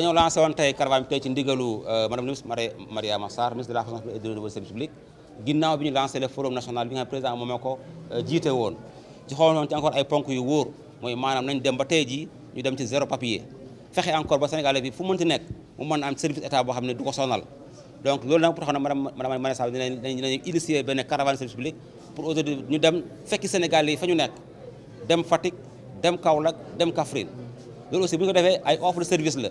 dañoo lancé won tay caravane bi tey ci ndigalu euh, madame la ministre Mariama Sarr ministre de la fonction publique et du service public ginnaaw bi ñu lancé le forum national bi nga président moom moo ko euh, jiite woon ci xool noonu ci encore ay ponk yu wóor moy manam nañ dem ba tay ji ñu dem ci zéro papier fexé encore ba Sénégalais bi fu mënti nek mu mën am service état bo xamné du ko sonal donc lolu nag pour taxaw na madame madame Mariama dinañ dinañ initier ben caravane service public pour aujourd'hui ñu dem fekki Sénégalais yi fa ñu dem fatik dem Kaolack dem Kaffrine loolu aussi bu ko défé ay offre de service la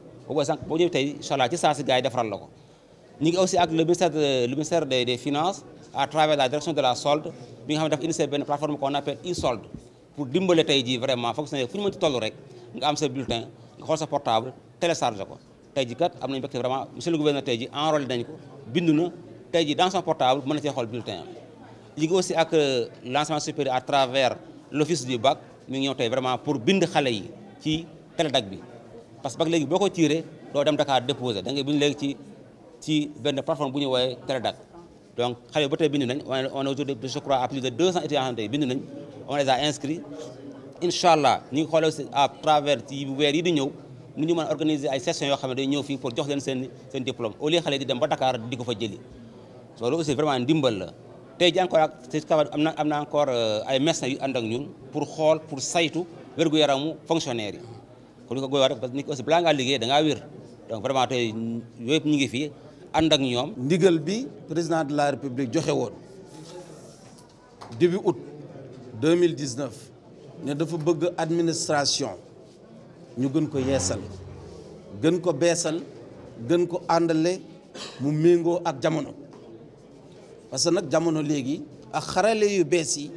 boobu sànq boo ñëwee tey incha ci saa si la ko ñu aussi ak le ministère le ministère des finances à travers la direction de la solde bi nga xam ne dafa initié benn plateforme qu'on appelle e-solde pour dimbale tey jii vraiment fonctionnaire fu ñu mënti toll rek nga am sa bulletin nga xool sa portable télécharge ko tey jii kat am nañu mbégte vraiment monsieur le gouverneur tey jii enrôlé nañu ko bindu na tey jii dans son portable mën na cee bulletin am ñu ngi aussi ak euh, lancement supérieur à travers l'office du bac mi ngi ñëw tey vraiment pour bind xale yi ci télédac bi parce que légui boko ko do dem Dakar déposer da nga bind léegi ci ci ben plateforme bu woyé woowee donc xale ba tay bind nañ on est aujourd'hui je crois à plus de 200 étudiants xam tey bind nañ on les a inscrits incha allah ñu ngi à travers ci weer yi di ñëw nu ñu mën organiser ay sessions yo xamné ne day ñëw fii pour jox leen sen sen diplôme au lieu xale di dem ba Dakar di ko fa jëli loolu aussi vraiment dimbal la tay ji encore ak ci kaw am na encore euh, ay médecins yu and ak ñun pour xol pour saytu wergu yaramu fonctionnaire pour ñu ko góor rek parce que nit aussi balaa ngaa liggéey da ngaa wér donc vraiment tey yooyu yëpp ñu ngi fii ànd ak ñoom. ndigal bi président de la république joxe woon début août 2019 ne dafa bëgg administration ñu gën ko yeesal gën ko beesal gën ko àndale mu méngoo ak jamono parce que nag jamono léegi ak xarale yu bees yi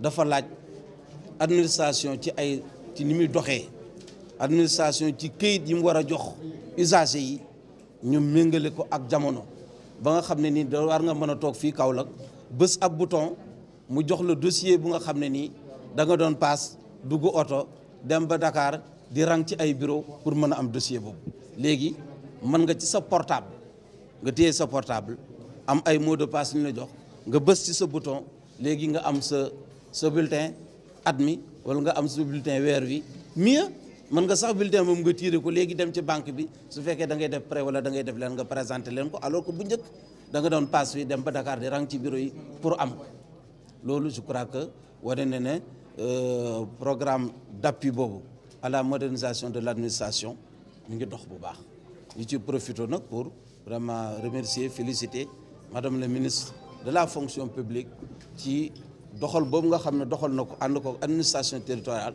dafa laaj administration ci ay ci ni muy doxee. administration ci këyit yi mu war a jox usager yi ñu méngale ko ak jamono ba nga xam ne nii da war nga mën a toog fii Kaolack bës ab bouton mu jox la dossier bu nga xam ne nii da nga doon paas dugg oto dem ba dakaar di rang ci ay bureau pour mën a am dossier boobu léegi mën nga ci sa portable nga téye sa portable am ay mot de passe ñu la jox nga bës ci sa bouton léegi nga am sa sa bulletin at mi wala nga am sa bulletin weer wi mieux man nga sax bulletin moom nga tiré ko légui dem ci banque bi su féké da ngay def prêt wala da ngay def lén nga présenter lén ko alors que bu njëkk da nga don paas fii dem ba Dakar di rang ci bureau yi pour am loolu je crois que wane né ne euh, programme d'appui bobu à la modernisation de l'administration mu ngi dox bu baax ñu ci profité nak pour vraiment remercier féliciter madame la ministre de la fonction publique ci doxal bobu nga xamné doxal nako and ko administration territoriale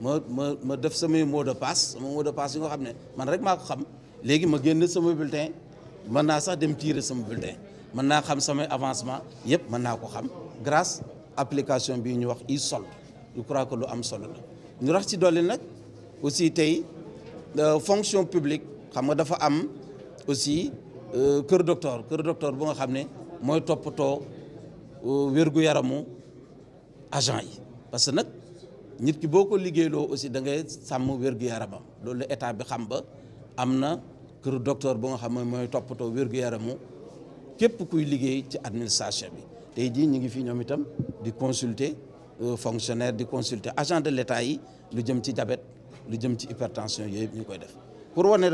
ma ma def sama mot de passe sama mot de passe yi nga xam man rek mako xam léegi ma génn sama bulletin man na sax dem tirer sama bulletin man na xam sama avancement yëpp man na ko xam grâce application bi ñu wax e sol je crois que lu am solo la ñu rax ci dolli nak aussi tey euh, fonction publique xam nga dafa am aussi cœur euh, docteur cœur docteur bu nga xam moy mooy toppatoo euh, wér yaramu agent yi parce que nak nit ki boo ko de aussi da ngay sam wér état bi xam ba amna que docteur bu nga xam yaramu kuy ci administration di consulter euh, fonctionnaire di consulter agent de l'état yi lu jëm ci diabète lu jëm ci hypertension yooyu ñi koy def pour woné